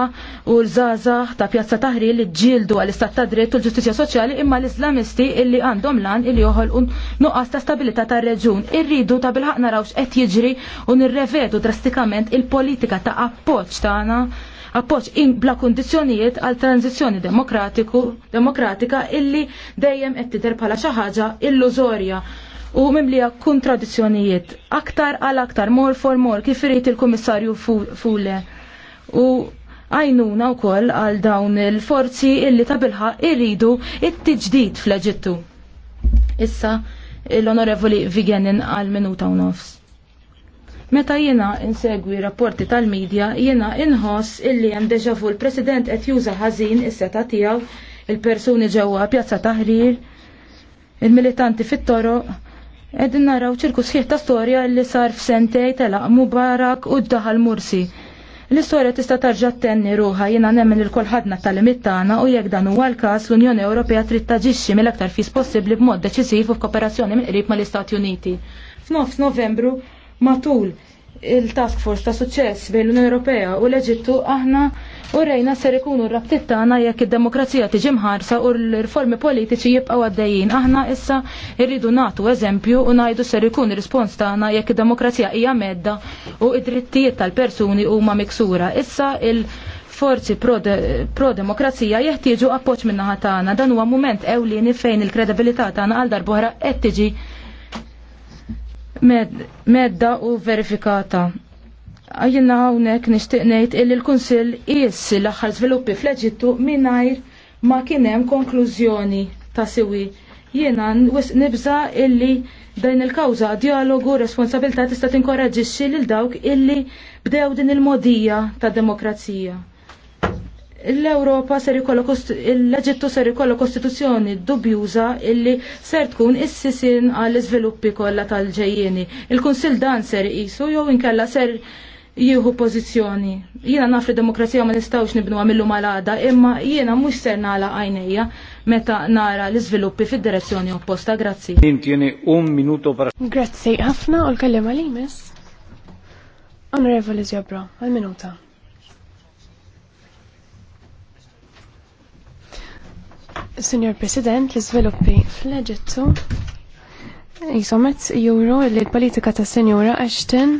u l-żgħażagħ ta' Pjazza Taħri li ġildu għall istat ta' dritt u l-ġustizzja soċjali imma l-Islamisti illi għandhom lan illi joħolqu nuqqas ta' stabilità tar-reġun. Irridu ta' bilħaq narawx qed jiġri u nirrevedu drastikament il-politika ta' appoġġ tagħna ta appoġġ bla kundizzjonijiet għal tranzizzjoni demokratiku demokratika illi dejjem qed tidher bħala xi ħaġa illużorja u mimlija kontradizzjonijiet aktar għal aktar mor for mor kif irid il-Kummissarju Fule. U għajnuna wkoll għal dawn il-forzi illi tabilħa irridu it-tiġdid fl-Eġittu. Issa l-Onorevoli Vigenin għal minuta u nofs. Meta jiena insegwi rapporti tal-medja, jiena inħoss illi hemm deja vu l-President qed juża ħażin is-seta tiegħu il-persuni ġewwa Pjazza Taħrir, il-militanti fit-toroq, qegħdin naraw ċirku sħiħ ta' storja li sar f'sentej telaq Mubarak u d-daħal Mursi. L-istorja tista' tarġa' tenni ruħa jiena nemmen il kolħadna tal-limit tagħna u jekk dan huwa l-każ l-Unjoni Ewropea trid taġixxi mill-aktar fis possibbli b'mod deċisiv u f'kooperazzjoni mill-qrib mal-Istati Uniti. F'nofs Novembru Matul il-task force ta' suċċess bejn l-Unjoni Ewropea u l-Eġittu aħna u rejna ser ikunu r-rabtiet tagħna jekk id-demokrazija tiġi mħarsa u l-riformi politiċi jibqgħu għaddejjin. Aħna issa rridu nagħtu eżempju u ngħidu ser ikun ir-rispons tagħna jekk id-demokrazija hija medda u id-drittijiet tal-persuni huma miksura. Issa il- forzi pro-demokrazija pro jeħtieġu appoġġ min-naħa tagħna. Dan huwa mument ewlieni fejn il-kredibilità tagħna għal darbohra qed tiġi medda u verifikata. Għajna għawnek nishtiqnejt illi l konsil is l-axħar sviluppi fl-Eġittu minnajr ma kienem konklużjoni ta' siwi. Jiena nibza illi dajn il-kawza dialogu responsabilta tista' tinkoraġġixxi lil dawk illi bdew din il-modija ta' demokrazija l-Europa ser l-Eġittu ser ikollu kostituzzjoni dubjuża illi ser tkun issisin għall iżviluppi kollha tal-ġejjieni. Il-Kunsill dan ser isu jew inkella ser jieħu pożizzjoni. Jiena naf li demokrazija ma nistgħux nibnuha millu malada, imma jiena mhux ser nagħla għajnejja meta nara l-iżviluppi fid-direzzjoni opposta. Grazzi. Grazzi ħafna u l-kellim għal-imis. Onorevoli Ziobro, għal-minuta. Signor President, l-izviluppi fl-Eġittu jisomet juru li l-politika ta' Senjura Ashton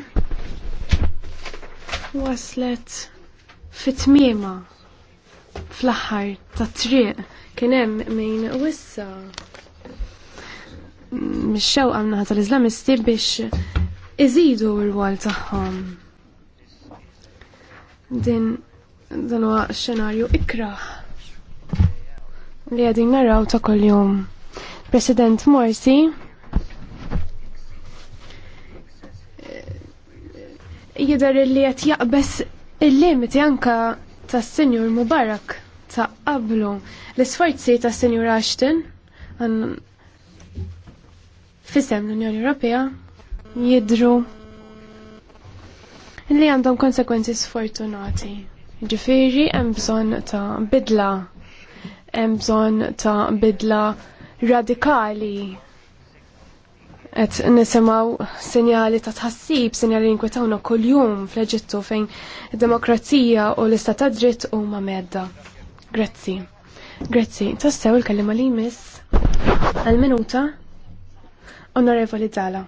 waslet fit-tmiema fl-aħħar ta' triq kien hemm min wissa mix-xewqa mnaħa tal-Iżlamisti biex iżidu r-rwol tagħhom. Din dan huwa xenarju ikraħ li għadin naraw ta' kol-jum. President Morsi jidher li qed jaqbes il-limiti anka tas-Senjur Mubarak ta' qablu l-isforzi tas-Senjur Ashton fisem l-Unjoni Ewropea jidru li għandhom konsekwenzi sfortunati. Ġifiri hemm bżonn ta' bidla hemm bżonn ta' bidla radikali Et nisimaw sinjali ta' tħassib, sinjali jinkwetawna kol-jum fl-Eġittu fejn demokrazija u l-istat ta' dritt u ma' medda. Grazzi. Grazzi. Tassew il-kellima li miss għal-minuta Onorevoli Zala.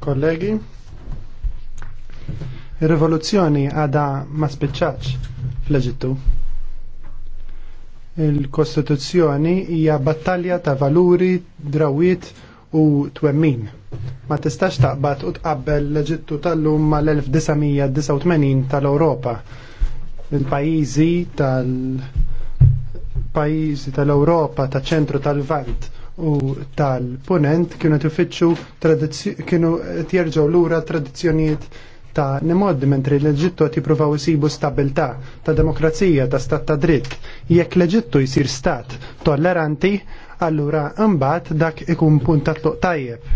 Kollegi, Ir-rivoluzzjoni għada ma spiċċaċ fl-Eġittu. Il-Kostituzzjoni hija battalja ta' valuri, drawiet u twemmin. Ma tistax taqbad u tqabbel l-Eġittu tal-lum mal-1989 tal-Ewropa. Il-pajjiżi tal-pajjiżi tal-Ewropa ta' ċentru tal-Vant u tal-Punent kienu tifittxu kienu tjerġgħu lura tradizzjonijiet ta' nimoddi mentri l-Eġittu għati provaw jisibu stabilta, ta' demokrazija, ta' stat ta' dritt. Jekk l-Eġittu jisir stat tolleranti, allura imbagħad dak ikun punt ta' tluq tajjeb.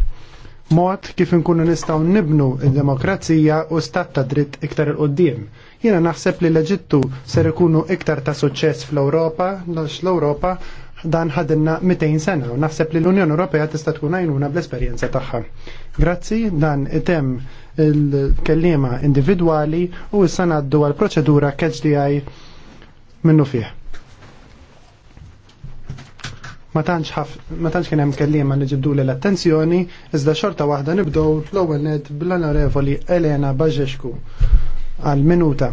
Mod kif nkunu nistgħu nibnu d demokrazija u stat ta' dritt iktar il-qoddim. Jiena naħseb li l-Eġittu ser ikunu iktar ta' suċċess fl ewropa l l-Ewropa dan ħadinna 200 sena u naħseb li l-Unjoni Ewropea tista' tkun għajnuna bl-esperjenza tagħha. Grazzi, dan item il-kellima individwali u issa ngħaddu għal proċedura KHDI minnu fih. Ma tantx kien hemm kellima li ġibdu l-attenzjoni, iżda xorta waħda nibdew l-ewwel bl-Onorevoli Elena Baġexku għal minuta.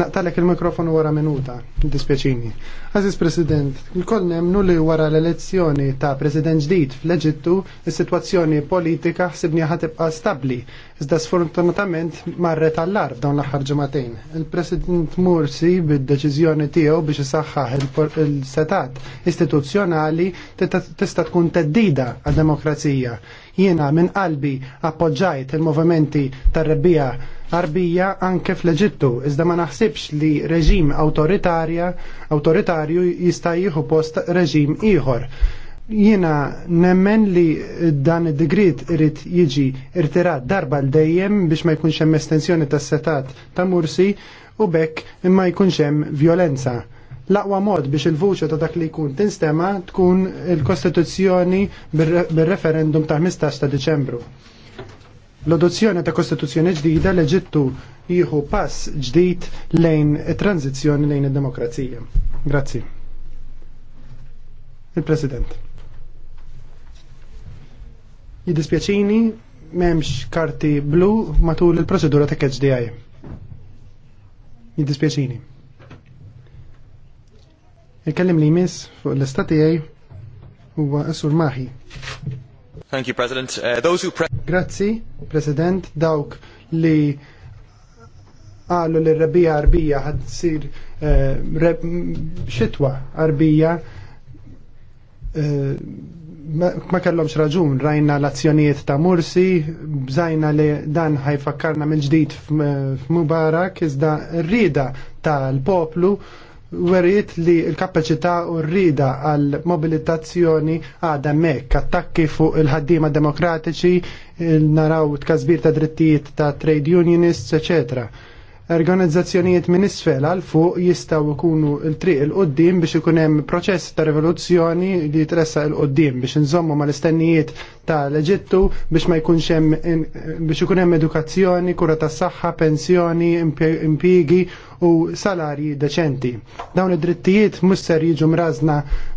Naqtalek il-mikrofonu wara minuta, dispjaċini. Aziz President, il-koll li wara l-elezzjoni ta' President ġdid fl-Eġittu, is-sitwazzjoni politika ħsibni ħatibqa stabli, iżda sfortunatament marret tal-lar dawn l-aħħar ġematejn. Il-President Mursi bid-deċiżjoni tiegħu biex isaħħaħ il-setat istituzzjonali tista' tkun teddida għad-demokrazija. Jiena minn qalbi appoġġajt il-movimenti tar-rebbija arbija anke fl-Eġittu, iżda ma naħsibx li reġim autoritarja autoritarju jista' jieħu post reġim ieħor Jiena nemmen li dan id-digrit irid jiġi irtirat darba l-dejjem biex ma jkunx hemm estensjoni tas setat ta' Mursi u bekk ma jkunx hemm violenza. L-aqwa mod biex il-vuċa ta' dak li jkun tinstema tkun il-Kostituzzjoni bil-referendum ta' 15 ta' Deċembru. L-adozzjoni ta' Kostituzzjoni ġdida l-Eġittu jieħu pass ġdid lejn tranzizjoni lejn id-demokrazija. Grazzi. Il-President. Jidispjaċini memx karti blu matul il-proċedura ta' KHDI. Jiddispjaċini. Il-kellim li jmiss fuq l-istati għaj huwa Assur Mahi. Thank you, President. Uh, those who Grazzi, President. Dawk li għallu li rabija arbija għad sir uh, xitwa arbija uh, ma kellomx raġun, rajna l-azzjonijiet ta' Mursi, bżajna li dan ħajfakkarna mill ġdid f'Mubarak, iżda rrida tal-poplu weriet li l-kapacità u rrida għal mobilitazzjoni għada mekk, attakki fuq il-ħaddima demokratiċi, il naraw t-kazbir ta' drittijiet ta' trade unionists, eccetera organizzazzjonijiet minn isfel għal fuq jistaw ikunu il-triq il-qoddim biex ikun hemm proċess ta' rivoluzzjoni li jitressa il-qoddim biex nżommu mal-istennijiet ta' l-Eġittu biex ma jkunx hemm biex ikun hemm edukazzjoni, kura tas saħħa, pensjoni, impigi u salari deċenti. Dawn id-drittijiet musser jiġu mrażna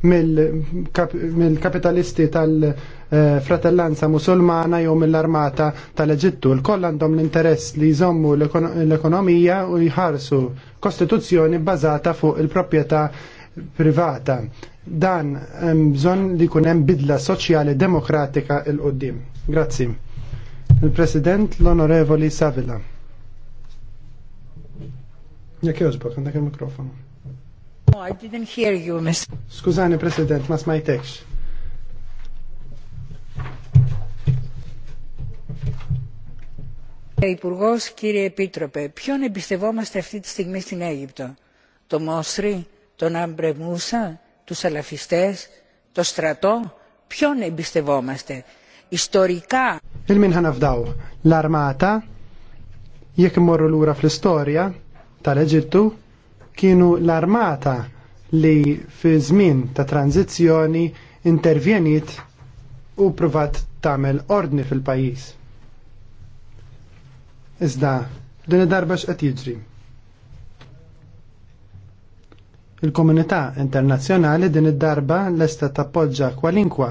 mill-kapitalisti mil tal- Eh, fratellanza musulmana jew mill-armata tal-Eġittu. L-koll għandhom l-interess li jżommu l-ekonomija u jħarsu kostituzzjoni bbażata fuq il-proprjetà privata. Dan bżonn li jkun hemm bidla soċjali demokratika il qoddim Grazzi. Il-President l-Onorevoli Savila. Jekk jogħġbok, għandek il-mikrofonu. No, I didn't hear you, Miss. Skużani, President, ma smajtekx. Υπουργό, κύριε Επίτροπε, ποιον εμπιστευόμαστε αυτή τη στιγμή στην Αίγυπτο, το Μόσρι, τον Άμπρε Μούσα, τους Σαλαφιστές, το στρατό, ποιον εμπιστευόμαστε. Ιστορικά. Il-min ħanafdaw, l-armata, jekk morru lura fl-istorja tal-Eġittu, kienu l-armata li fi żmien ta' tranzizzjoni intervjeniet u provat tamel ordni fil pajis Iżda, din id-darba x'qed jiġri. Il-komunità internazzjonali din id-darba lesta tappoġġa kwalinkwa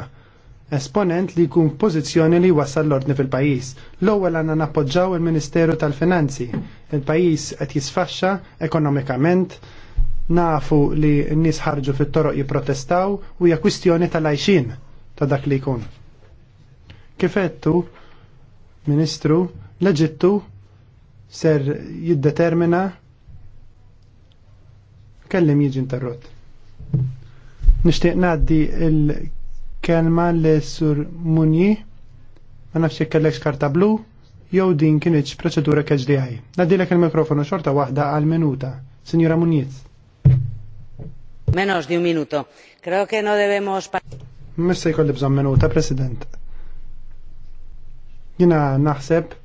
esponent li jkun pożizzjoni li wasal l-ordni fil pajjiż L-ewwel għandna nappoġġaw il-Ministeru tal-Finanzi. il pajjiż qed jisfaxxa ekonomikament, nafu li n-nies ħarġu fit-toroq jipprotestaw u hija kwistjoni tal-għajxin ta' dak li jkun. Kifettu, Ministru, l-Eġittu ser jiddetermina kellim jiġi interrott. Nishtiq naddi il-kelma li sur Munji, ma nafx kellek karta blu, jew din kienieċ proċedura KHDI. Naddi l il-mikrofonu xorta wahda għal-minuta. Signora Munjiz. Menos di un minuto. Creo che no debemos... Missa jkolli bżon minuta, President. Jina naħseb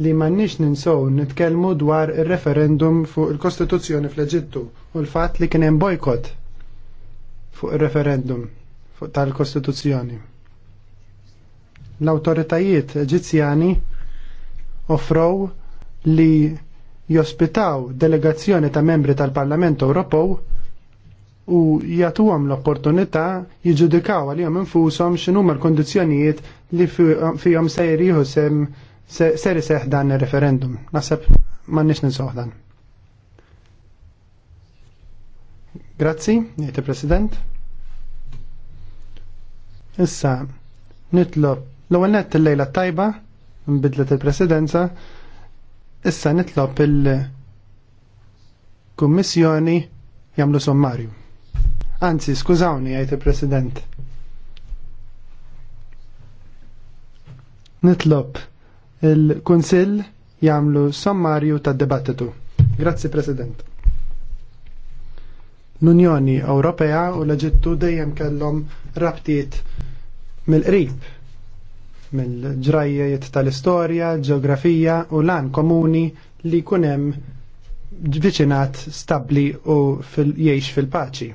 li m'għandniex ninsow nitkellmu dwar ir-referendum fuq il-Kostituzzjoni fl-Eġittu u l-fatt li kien hemm bojkot fuq ir-referendum fuq tal-Kostituzzjoni. L-awtoritajiet Eġizzjani offrow li jospitaw delegazzjoni ta' membri tal-Parlament Ewropew u jagħtuhom l-opportunità jiġudikaw għalihom infushom x'inhuma l-kondizzjonijiet li fihom se jrieħu sem ser seħ dan il-referendum. Nasab, ma nix ninsoħ dan. Grazzi, jgħid president Issa, nitlob l-ewwel nett il-lejla tajba, nbidlet il-presidenza, issa nitlob il-kummissjoni jagħmlu sommarju. Anzi, skużawni, jgħid il-President. Nitlob il-Kunsill jagħmlu sommarju tad-dibattitu. Grazzi President. L-Unjoni Ewropea u l-Eġittu dejjem kellhom rabtiet mill-qrib mill-ġrajjiet tal-istorja, l-ġeografija u lan komuni li kunem viċinat stabli u fil jiex fil-paċi.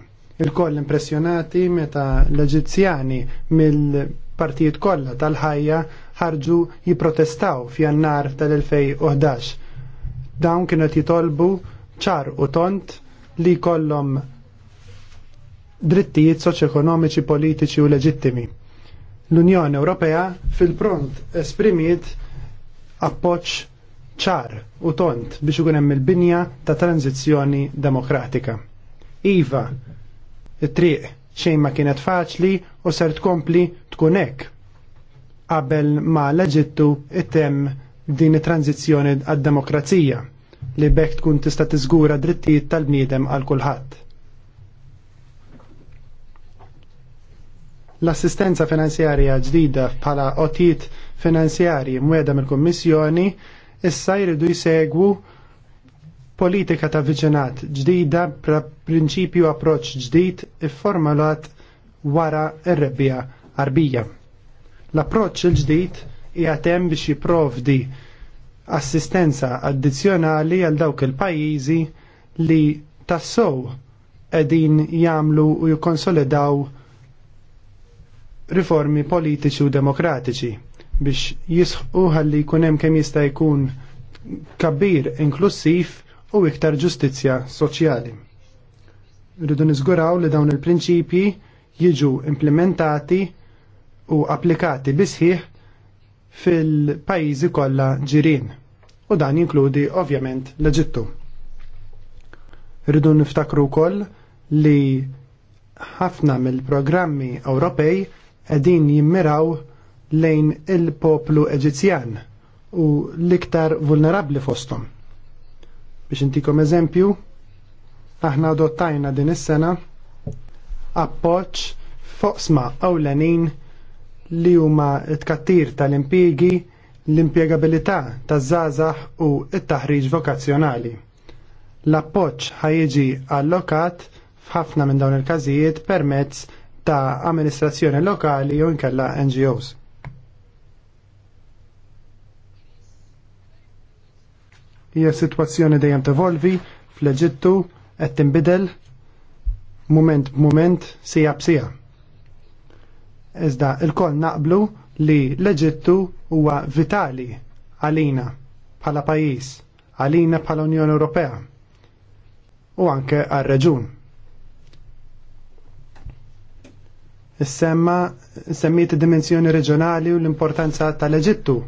Il-koll impressjonati meta l-Eġizzjani mill partijiet kollha tal-ħajja ħarġu jipprotestaw f'jannar tal-2011. Dawn kienu jitolbu ċar u tont li kollhom drittijiet soċ-ekonomiċi, politiċi u leġittimi. L-Unjoni Ewropea fil-pront esprimiet appoġġ ċar u tont biex ikun hemm il-binja ta' tranzizzjoni demokratika. Iva, it-triq xejn ma kienet faċli u ser tkompli tkun hekk. Qabel ma l-Eġittu item din it-tranzizzjoni għad-demokrazija li bekk tkun tista' tiżgura drittijiet tal-bniedem għal kulħadd. L-assistenza finanzjarja ġdida bħala qotiet finanzjarji mwedha mill-Kummissjoni issa jridu jsegwu politika ta' viġenat ġdida pra prinċipju approċ ġdid formalat wara r-rebbija arbija. L-approċ il-ġdid jgħatem biex jiprovdi assistenza addizjonali għal dawk il-pajizi li tassow edin jamlu u jikonsolidaw riformi politiċi u demokratiċi biex jisħu ħalli kunem kem jista' jkun kabbir inklusiv u iktar ġustizzja soċjali. Rridu niżguraw li dawn il-prinċipji jiġu implementati u applikati bisħiħ fil-pajjiżi kollha ġirien u dan jinkludi ovvjament l-Eġittu. Rridu niftakru wkoll li ħafna mill-programmi Ewropej qegħdin jimmiraw lejn il-poplu Eġizzjan u l-iktar vulnerabli fostom. Biex intikom eżempju, aħna adottajna din is-sena appoġġ foqsma ewlenin li huma t-kattir tal-impjiegi, l-impjegabilità taż-żgħażagħ u t-taħriġ vokazzjonali. L-appoġġ jiġi allokat f'ħafna minn dawn il-każijiet permezz ta' amministrazzjoni lokali jew inkella NGOs. hija sitwazzjoni dejjem tevolvi fl-Eġittu qed tinbidel moment b'mument sija b'sija. Iżda il-koll naqblu li l-Eġittu huwa vitali għalina bħala pajjiż, għalina bħala Unjoni Ewropea u anke għar-reġun. Issemma semmiet id dimensjoni reġjonali u l-importanza tal-Eġittu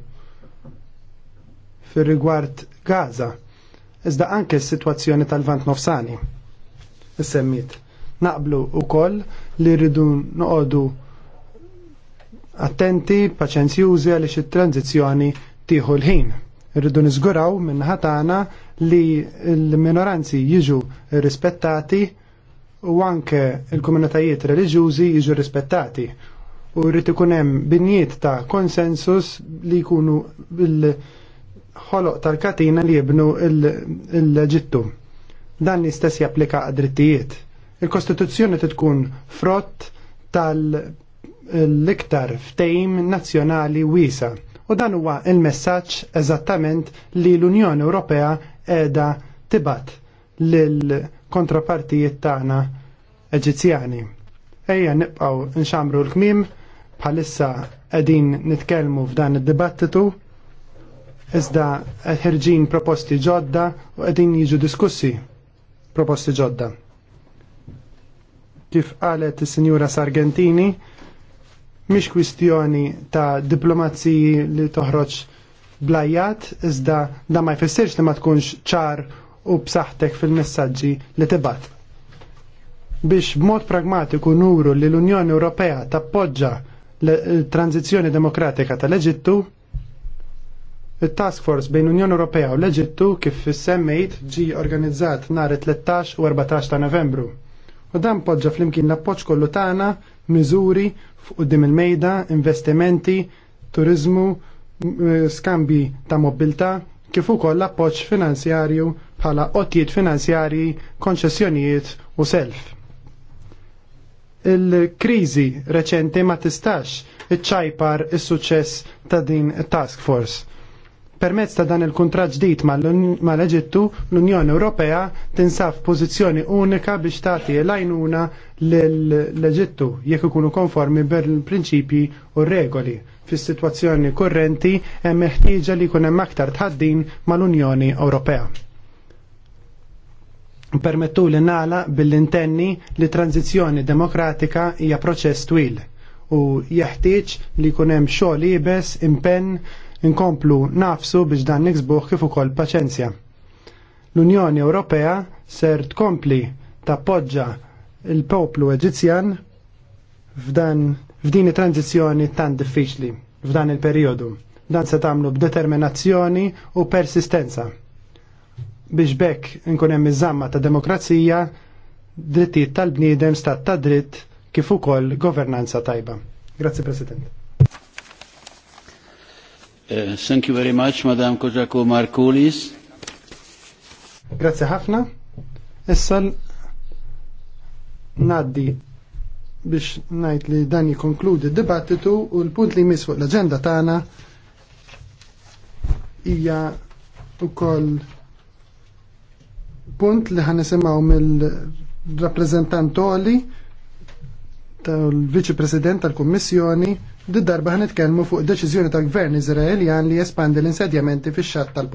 fir rigward Gaza, iżda anke s-sitwazzjoni tal-vant nofsani. Is-semmit. Naqblu wkoll li rridu noqogħdu attenti, paċenzjużi għaliex it tranzizjoni tieħu l-ħin. Irridu niżguraw minn ħatana li l-minoranzi jiġu rispettati u anke l-komunitajiet reliġjużi jiġu rispettati u rrit ikun hemm binjiet ta' konsensus li jkunu ħoloq tal-katina li jibnu l-ġittu. Dan l-istess japplika għad-drittijiet. Il-Kostituzzjoni tkun frott tal-iktar ftejm nazzjonali wisa. U dan huwa il-messaġġ eżattament li l-Unjoni Ewropea qiegħda tibat lill-kontrapartijiet tagħna Eġizzjani. Ejja nibqgħu nxamru l-kmim bħalissa qegħdin nitkellmu f'dan id-dibattitu Iżda ħerġin proposti ġodda u qegħdin jiġu diskussi proposti ġodda. Kif qalet is-Sinjura Sargentini, mhix kwistjoni ta' diplomaziji li toħroġ blajjat, iżda da ma jfissirx li ma tkunx ċar u b'saħħtek fil-messaġġi li tibat. Biex b'mod pragmatiku nuru li l-Unjoni Ewropea tappoġġa l-tranzizjoni demokratika tal-Eġittu, Il-Task Force bejn Unjoni Ewropea u l-Eġittu kif semmejt ġi organizzat nhar 13 u 14 ta' Novembru. U dan poġġa flimkien l-appoġġ kollu tagħna miżuri f'qudiem il-mejda, investimenti, turizmu, eh, skambi ta' mobilità, kif ukoll l-appoġġ finanzjarju bħala qottijiet finanzjarji, konċessjonijiet u self. Il-kriżi reċenti ma tistax iċċajpar is-suċċess ta' din task force Permezz ta' dan il kontrat ġdid mal-Eġittu, l-Unjoni Ewropea tinsab pożizzjoni unika biex tagħti l-għajnuna l-Eġittu jekk ikunu konformi bil-prinċipji u regoli. Fis-sitwazzjoni kurrenti hemm meħtieġa li jkun hemm aktar tħaddin mal-Unjoni Ewropea. Permettu li nala bil-intenni li tranzizjoni demokratika hija proċess twil u jeħtieġ li jkun hemm xogħol ibes, impenn, inkomplu nafsu biex dan niksbuħ kif ukoll paċenzja. L-Unjoni Ewropea ser tkompli tappoġġa il-poplu Eġizzjan f'dan f'din it-tranzizzjoni tan diffiċli f'dan il-perjodu. Dan se tagħmlu b'determinazzjoni u persistenza biex bekk inkun hemm iż-żamma ta' demokrazija, drittijiet tal-bniedem, stat ta' dritt kif ukoll governanza tajba. Grazzi President. Eh, thank you very much, Madam Kojaku Markulis. Grazie ħafna. Issa naddi biex najt li dan jikonkludi d-dibattitu u l-punt li jmiss fuq l-agenda tagħna hija ukoll punt li ħan nisimgħu mill-rappreżentantoli tal-Viċi President tal-Kummissjoni Did-darba ħanitkellmu fuq deċiżjoni tal-Gvern Iżraeljan li jespandi l-insedjamenti fix-xatt tal